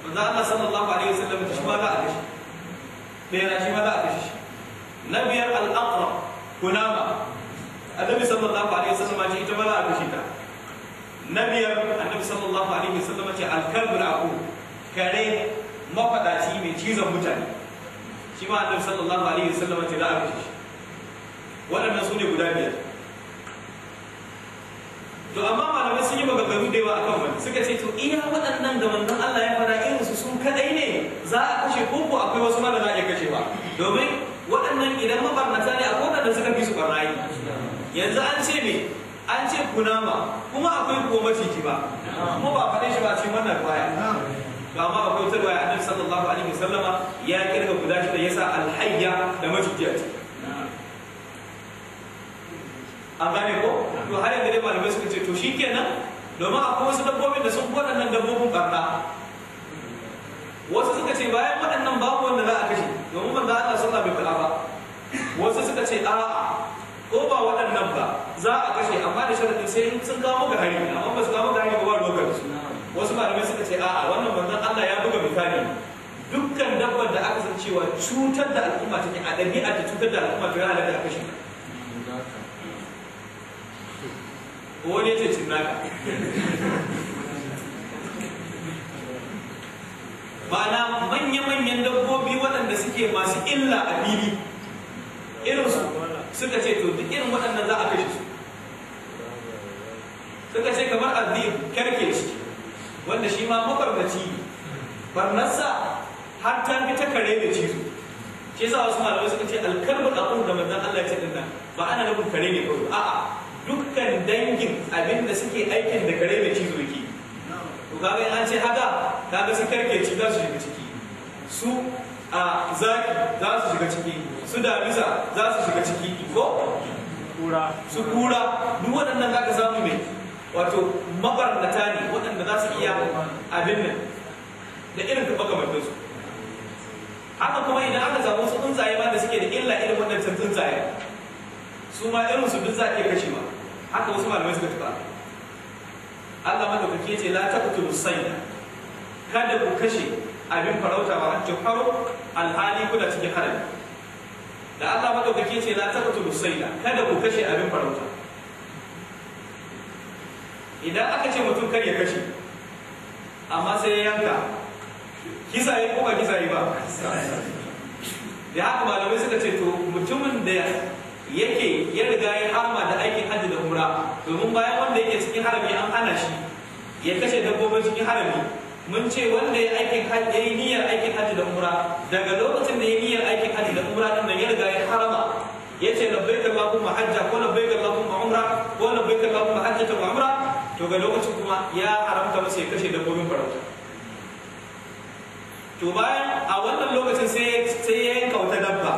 manzo Allah sallallahu alaihi wasallam shi ma za a gashi bera shi ma za a gashi na biyar al'aqra kunama annabi sallallahu alaihi wasallam ce ita ma za a gashi ta na biyar annabi sallallahu alaihi wasallam ce al-kalbul aqul kare mafadaci mai cizon mutane shi ma annabi sallallahu alaihi wasallam ce za a gashi waɗannan su ne guda biyar to amma malamai sun yi maganganu da yawa a kan wani suka ce to iya waɗannan da wannan Allah ya fara irin su sun kadai ne za a kashe ko ko akwai wasu ma da za a iya kashewa domin waɗannan idan mabarnata ne akwai waɗanda suka fi su barayi yanzu an ce me an ce kunama kuma akwai kuwa maciji ba kuma ba faɗe shi ba a cikin wannan baya To amma akwai wutar waya annabi sallallahu alaihi wasallama ya kirga guda shida yasa alhayya da maciji a ciki an gane ko to har yanzu dai malamai suka ce to shikenan domin akwai wasu dabbobin da sun nan dabbobin barna wasu suka ce bayan waɗannan babu wanda za a kashe domin ban a Allah sallah bai kula ba wasu suka ce a'a ko ba waɗannan ba za a kashe amma da sharadin sai sun kawo maka hari amma ba su kawo maka hari ba ba dokar wasu malamai suka ce a'a wannan manzon Allah ya buga misali dukkan dabbar da aka san cewa cutar da al'umma take a ɗabi'a da cutar da al'umma ta halatta a kashe ko ne zai cin naka ma'ana manya-manyan dabbobi waɗanda suke masu illa a fili irinsu suka ce to duk irin waɗannan za a kashe su suka ce kamar azim karke shi wanda shi ma mafarmaci ne barnarsa har ta fi ta kare da cizo shi sa wasu malamai suka ce alkalbul aqul da manzan Allah ya ce dinnan ba ana nufin kare ne kawai a'a dukkan dangin abin da suke aikin da kare mai cizo yake to kaga an ce haka kaga su ci za su shiga ciki su a zaki za su shiga ciki su damisa za su shiga ciki ko kura su kura duk waɗannan zaka samu mai wato mabarnata ne waɗanda za su iya abin nan da irin kuma kamar su haka kuma idan aka samu su tsuntsaye ma da suke da illa irin waɗancan tsuntsaye su ma irin su duk za ke kashe ba. haka wasu malamai suka tafi Allah madaukaki ce la taqtulu sayda kada ku kashe abin farauta ba ta faro alhali kuna cikin harami da Allah madaukaki ce la taqtulu sayda kada ku kashe abin farauta idan aka ce mutum kar ya kashe amma sai ya yanka kisa yi ko ba kisa yi ba da haka malamai suka ce to mutumin da yake ya riga ya harma da aikin hajji ba domin bayan wanda yake cikin harami an hana shi ya kashe dabbobin cikin harami mun ce wanda ya aikin hajji yi niyyar aikin hajji da umra daga lokacin da ya niyyar aikin hajji da umra din nan ya riga ya harama ya ce da babu hajja ko da babu umra ko da babu hajjata da umra to ga lokacin kuma ya haramta masa ya kashe dabbobin farauta to bayan a wannan lokacin sai sai ya yanka wata dabba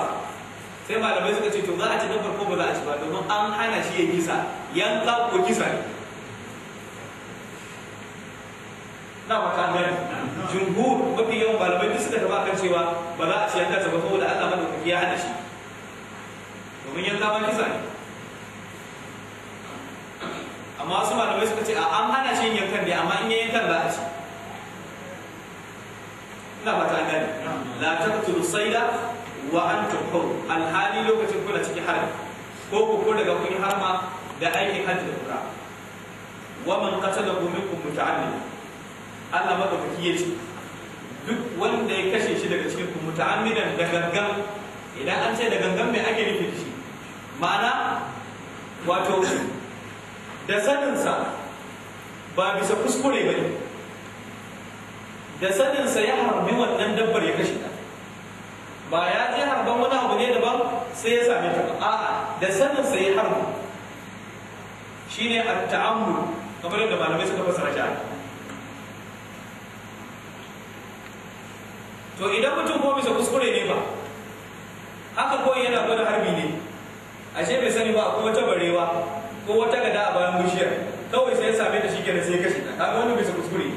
sai malamai suka ce to za a ci dabbar ko ba za a ci ba domin an hana shi ya yi sa. yanka ko kisa ne na ba kan gani jumhur mafi yawan malamai duk suka taba kan cewa ba za a ci yanka ta ba saboda Allah madaukaki ya hada shi domin yanka ba kisa ne amma wasu malamai suka ce a an hana shi yankan ne amma in ya yankan za a ci ina ba ta gani la taqtulu sayda wa antum hur alhali lokacin kula cikin harbi ko ku ko daga kun harma da aiki hajji da umra wa man qatalahu minkum muta'allim Allah madaukaki ce. duk wanda ya kashe shi daga cikin ku muta'ammidan da gangan idan an ce da gangan mai ake nufi shi ma'ana wato da saninsa ba bisa kuskure ba ne da saninsa ya harbi wannan dabbar ya kashe ta ba ya je harban wani abu ne daban sai ya same ta ba a'a da saninsa ya harbi shine a taammul kamar yadda malamai suka fassara shi to idan mutum ko bisa kuskure ne ba haka ko yana gwada harbi ne ashe bai sani ba ko wata barewa ko wata gada a bayan bishiyar kawai sai ya same ta da sai kashi ta kaga wani bisa kuskure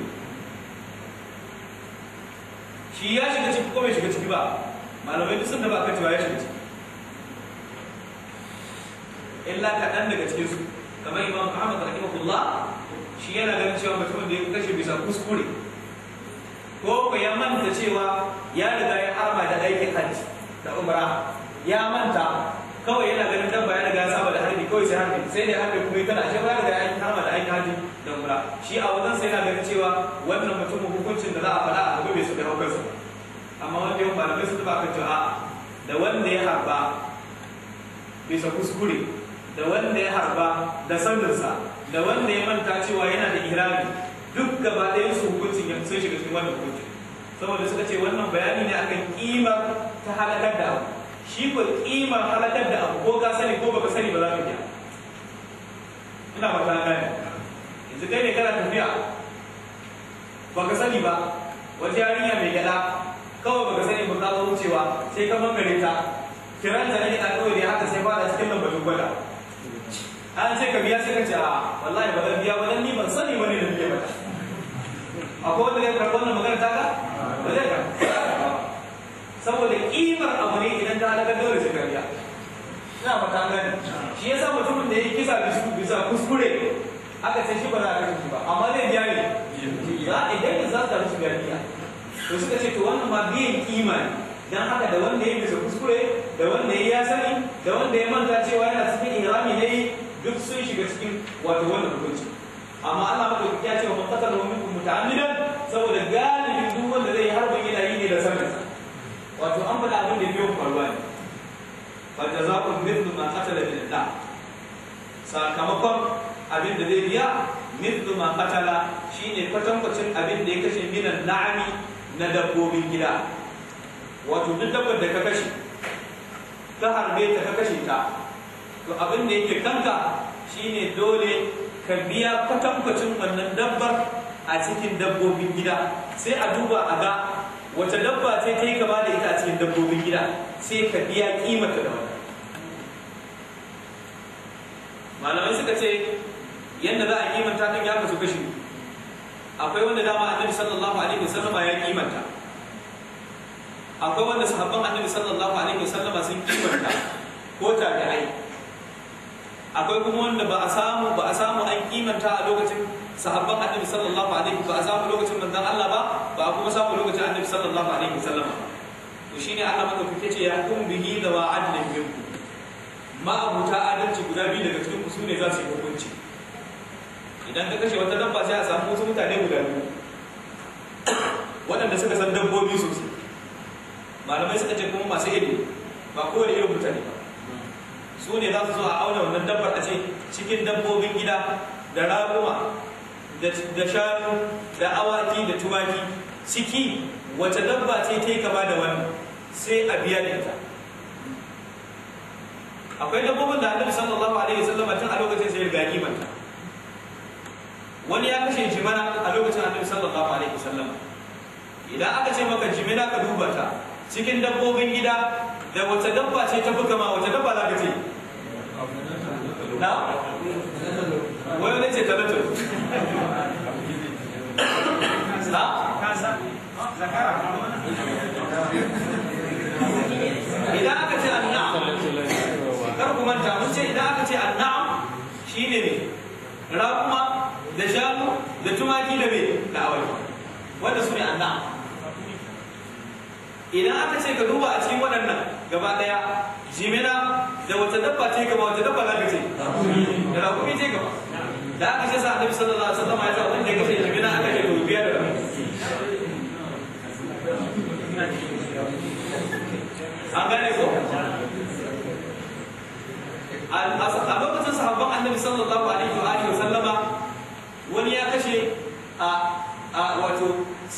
shi ya shiga ciki ko bai shiga ciki ba malamai duk sun da ba kan cewa ya shiga ciki illa kaɗan daga cikinsu. kamar imam ahmad rahimahullah shi yana ganin cewa mutumin da ya kashe bisa kuskure ko ku ya manta cewa ya riga ya harba da aikin hajji da umra ya manta kawai yana ganin dabba ya riga ya saba da harbi kawai sai harbi sai dai harbi kuma ita ashe ba riga ya harba da aikin hajji da umra shi a wajen sai yana ganin cewa wannan mutumin hukuncin da za a faɗa a gobe bai su da su amma wanda yawan malamai su ba kan cewa da wanda ya harba bisa kuskure da wanda ya harba da saninsa da wanda ya manta cewa yana da ihrami duk gaba ɗayan su hukuncin ya sun shiga cikin wannan hukuncin saboda suka ce wannan bayani ne akan kima ta halakar da abu shi ko kima halakar da abu ko ka sani ko baka sani ba za ka iya ina ba ta gane yanzu kai ne kana tafiya baka sani ba wata yarinya mai gada kawai baka sani ba ka wucewa sai ka mangare ta kiranta ne da kawai da haka sai fada cikin lambarin gwada an ce ka biya sai ka ce a ah, wallahi ba zan biya ba dan ni ban sani wani da biya ba akwai wanda zai karɓi wannan magana ta ka ba zai karɓi saboda kimar abu ne idan ta halaka dole sai ka biya ina fata gani shi yasa mutumin da ya kisa bisa kuskure aka ce shi ba za a kashe shi ba amma zai biya ne za a idan za ka rufe biya biya to suka ce to wannan ma biyan kima ne dan haka da wanda ya yi bisa kuskure da wanda ya sani da wanda ya manta cewa yana cikin irami ne duk sun shiga cikin wato wannan hukunci amma Allah ba ya ce wa mutakar wa minkum muta'ammidan saboda galibin duk wanda zai harba yana yi ne da sanin wato an faɗa abin da biyo faruwa ne fa jazaa'un mithlu ma qatala min Allah sakamakon abin da zai biya mithlu ma qatala shine kwatankwacin abin da ya kashe minan na'ami na dabbobin gida wato duk dabbar da ka kashe ta harbe ta ka kashe ta to abin da yake kanka shine dole ka biya kwatankwacin wannan dabbar a cikin dabbobin gida sai a duba a ga wata dabba ce ta yi gaba da ita a cikin dabbobin gida sai ka biya kimata da wannan malamai suka ce yadda za a kimanta kan ya kasu kashi akwai wanda dama annabi sallallahu alaihi wasallam ya kimanta akwai wanda sahabban annabi sallallahu alaihi wasallam sun kimanta ko tabi'ai akwai kuma wanda ba a samu ba a samu an kimanta a lokacin sahabban annabi sallallahu alaihi ba a samu lokacin manzon Allah ba ba a kuma samu lokacin annabi sallallahu alaihi wasallam to shine Allah madaukake ce ya kun bihi da wa adlin minkum ma abuta adalci guda biyu daga cikin ku sune za su yi hukunci idan ka kashe wata dabba sai a samu wasu mutane guda biyu waɗanda suka san dabbobi sosai malamai suka ce kuma masu ilimi ba kowane irin mutane su ne za su zo a auna wannan dabbar a ce cikin dabbobin gida da raguma da shanu da awaki da tumaki ciki wata dabba ce ta yi kama da wani sai a biya da ita akwai dabbobin da annabi sallallahu alaihi wasallam tun a lokacin sai riga kimanta wani ya kashe jimana a lokacin annabi sallallahu alaihi wasallam idan aka ce maka jimina ka duba ta cikin dabbobin gida da wata dabba ce ta fi kama wata dabba za ka ce na wani ne ce talatul na idan aka ce annam kar ku manta mun ce idan aka ce annam shi ne raƙuma da shanu da tumaki da me da awai wanda su ne annam idan aka ce ka duba a cikin waɗannan gaba ɗaya jimina da wata dabba ce gaba wata dabba za ka ce da rakumi ce gaba da aka ce sa annabi sallallahu alaihi wasallam ya sa da ya kashe jimina aka ce rubiya da an gane ko a lokacin sahabban annabi sallallahu alaihi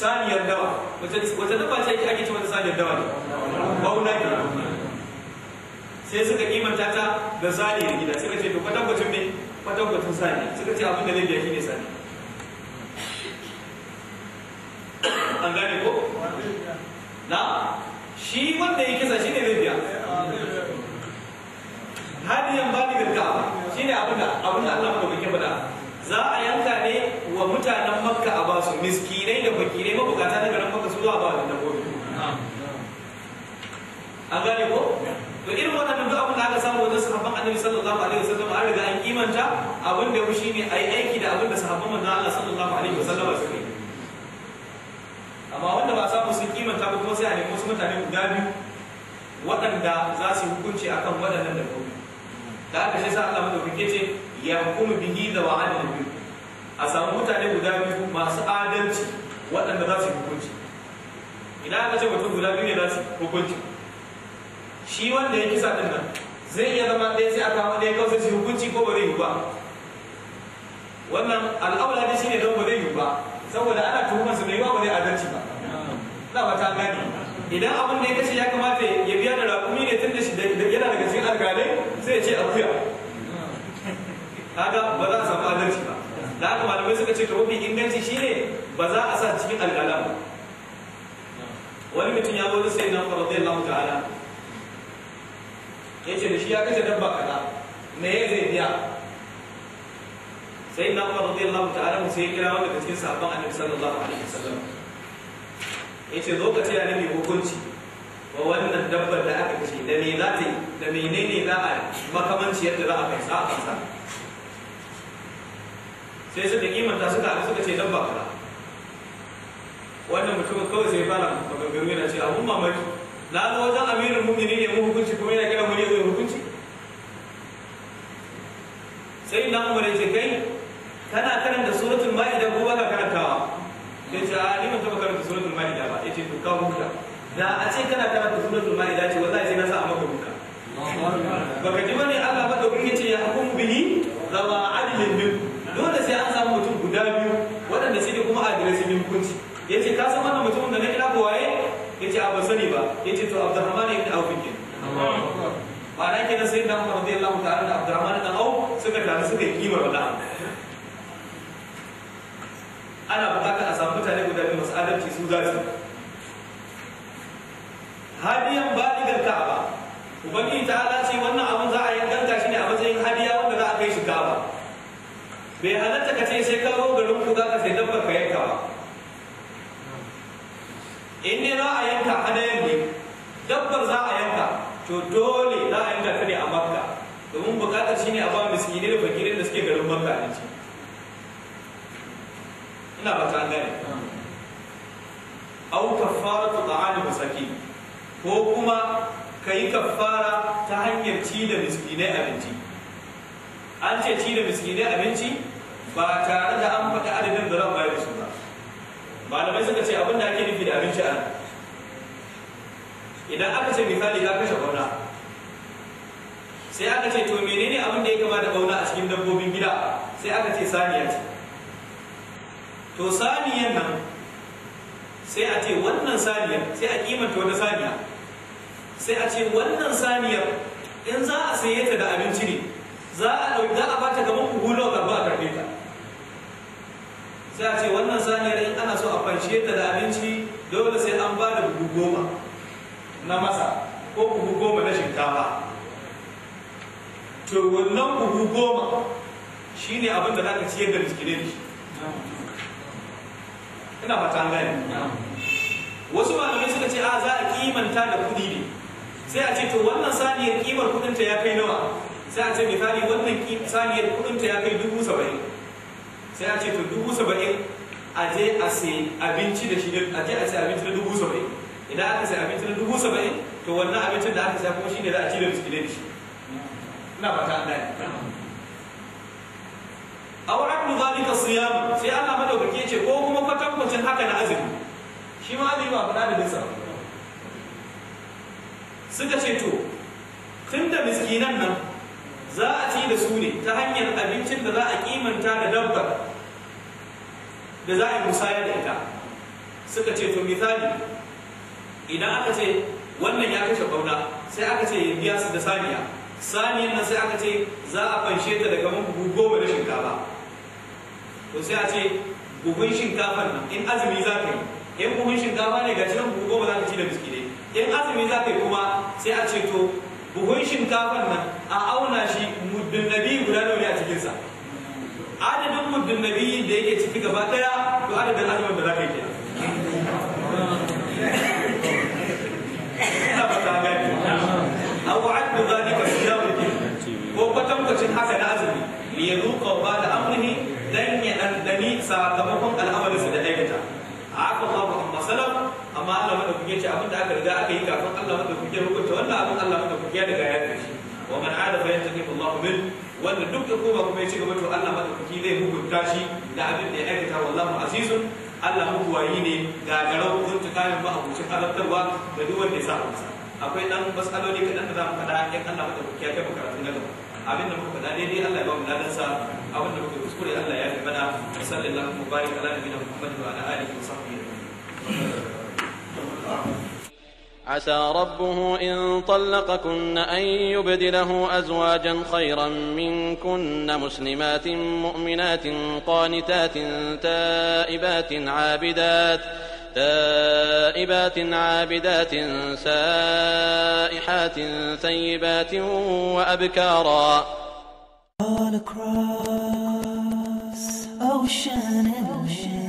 saniyar dawa wata dafa ce ake ce wata saniyar dawa ne bauna ne sai suka kimanta ta da saniyar gida suka ce to kwatankwacin me kwatankwacin saniya suka ce abin da zai biya shi ne sani an gane ko na shi wanda ya kisa shi ne zai biya hadiyan bani bilka shi ne abin da abin da Allah madaukakin faɗa za a yanka ne kuma mutanen makka a basu miskinai da fakirai mabukata daga nan makka su zuwa ba da dabbobi A gane ko to irin wannan duk abin da aka samu wajen sahabban annabi sallallahu alaihi wasallam an riga an kimanta abin da yau shine ai aiki da abin da sahabban manzon Allah sallallahu alaihi wasallam suka yi amma wanda ba samu sun kimanta ba kuma sai a nemi wasu mutane guda biyu waɗanda za su hukunci akan waɗannan dabbobi da aka shi sa Allah madaukake ce ya hukumu bihi da wa'adin biyu a samu mutane guda biyu masu adalci waɗanda za su yi hukunci idan aka ce mutum guda biyu ne za su yi hukunci shi wanda ya kisa ɗin nan zai iya zama ɗaya sai a kama ɗaya kawai sai su hukunci ko ba zai yi ba wannan al'aula ne shine don ba zai yi ba saboda ana tuhumar su da yawa ba zai adalci ba na ba ta gani idan abin da ya kashe ya kamata ya biya da rakumi ne tun da shi yana daga cikin alƙalai sai ya ce akuya kaga ba za a samu adalci ba da haka malamai suka ce to mafi inganci shine ba za a sa cikin ba wani mutum ya zo sai nan fa ala Ya ce da shi ya kashe dabba kaza me ya zai biya sai nan fa radiyallahu ta'ala sai ya kira wanda daga cikin sabon annabi sallallahu alaihi wasallam Ya zo ka ya annabi hukunci wa wannan dabbar da aka ce da me za ta yi da menene za a makamanci yadda za a kai sa a kansa sai suka kimanta suka haɗu suka ce dabba kaza wannan mutumin kawai sai fara maganganu yana ce abun mamaki na zo wajen amirin ne ya mu hukunci kuma yana kira muni zai hukunci sai na umar ya ce kai kana karanta suratul ma'ida ko baka karantawa sai ce a ni ban taɓa karanta suratul ma'ida ba ya ce to ka hukunta da a ce kana karanta suratul ma'ida ce wallahi sai na sa a maka hukunta baka ji bane Allah ba da ya ce ya hukum bihi zama to abdurrahman ibn auf ke ma'ana kenan sai da umar radiyallahu ta'ala da abdurrahman ibn auf suka taru suka yi kimar wannan ana bukatar a samu mutane guda biyu masu adalci su za su hadiyan baligar ka'aba ubangiji ta'ala ce wannan abun za a yankanta shi ne a matsayin hadiya wanda za a kai shi ka'aba bai halatta ka ce sai ka zo garin ka sai dabbar ka yanka ba in ne za a yanka hadaya to dole za a yi ta ne a makka domin bukatar shi ne a ba miskini da fakirin da suke garin makka ne ce ina ba ta gane au kafara tu ta'ani musaki ko kuma ka yi kafara ta hanyar ci da miskinai abinci an ce ci da miskinai abinci ba tare da an faɗi adadin da ran bayar su ba malamai suka ce abin da ake nufi da abinci a nan idan aka ce misali ka kashe bauna sai aka ce to menene abin da ya kama da bauna a cikin dabbobin gida sai aka ce saniya ce to saniyan nan sai a ce wannan saniyan, sai a kimanta wata saniya sai a ce wannan saniyar in za a saye ta da abinci ne za a ɗauki za a bata kamar kuhu wa karba a karfe ta sai a ce wannan saniyar in ana so a fanshe ta da abinci dole sai an ba da buhu goma na masa ko buhu goma na shinkafa to wannan buhu goma shi ne abin da za ka ciyar da miskinai da shi ina fata gani wasu malamai suka ce a za a kimanta da kudi ne sai a ce to wannan saniyar kimar kudinta ya kai nawa sai a ce misali wannan saniyar kudinta ya kai dubu saba'in sai a ce to dubu saba'in a je a sai abinci da shi a je a sai abinci da dubu saba'in idan aka sai abinci na dubu saba'in to wannan abincin da aka sai kuma shine za a ci da miskinai da shi ina fata an gane aw abdu zalika siyam sai Allah madaukake yace, ce ko kuma kwatankwacin haka na azumi shi ma azumi ba fada da nisa suka ce to tun da miskinan nan za a ci da su ne ta hanyar abincin da za a kimanta da dabbar da za a yi musayar da ita suka ce to misali idan aka ce wannan ya kashe bauna sai aka ce ya biya su da saniya saniyan nan sai aka ce za a fanshe ta daga man buhu goma na shinkafa to sai a ce buhun shinkafan nan in azumi za ka yi in buhun shinkafa ne ga cikin buhu goma za ka ci da biski ne in azumi za ka yi kuma sai a ce to buhun shinkafan nan a auna shi muddin nabi guda nawa ne a cikinsa adadin muddin nabi da yake ciki gaba daya to adadin azumin da za ka yi kenan ina ba ko kwatankwacin haka na azumi li ba da amrihi dan dandani sakamakon al'amarin su da aikata haka ma ba amma salaf amma Allah aka riga aka yi kafin Allah madaukake hukunta wannan abin Allah wanda duk da kuma kuma ya ci gaba to Allah madaukake zai hukunta shi da abin da ya aikata wallahu azizun Allah wayi ne ga kun ta kayan ba abucin halartarwa da duk wanda ya sa amsa akwai dan masaloli kaɗan da za mu faɗa in Allah mata ya kai makaratun gaba abin da muka kada daidai Allah ya ba mu ladansa abin da muka kuskure Allah ya fi bada sallallahu mubarak ala nabiyina Muhammad wa ala alihi wa sahbihi عسى ربه إن طلقكن أن يبدله أزواجا خيرا منكن مسلمات مؤمنات قانتات تائبات عابدات تائبات عابدات سائحات ثيبات وأبكارا All across ocean and ocean.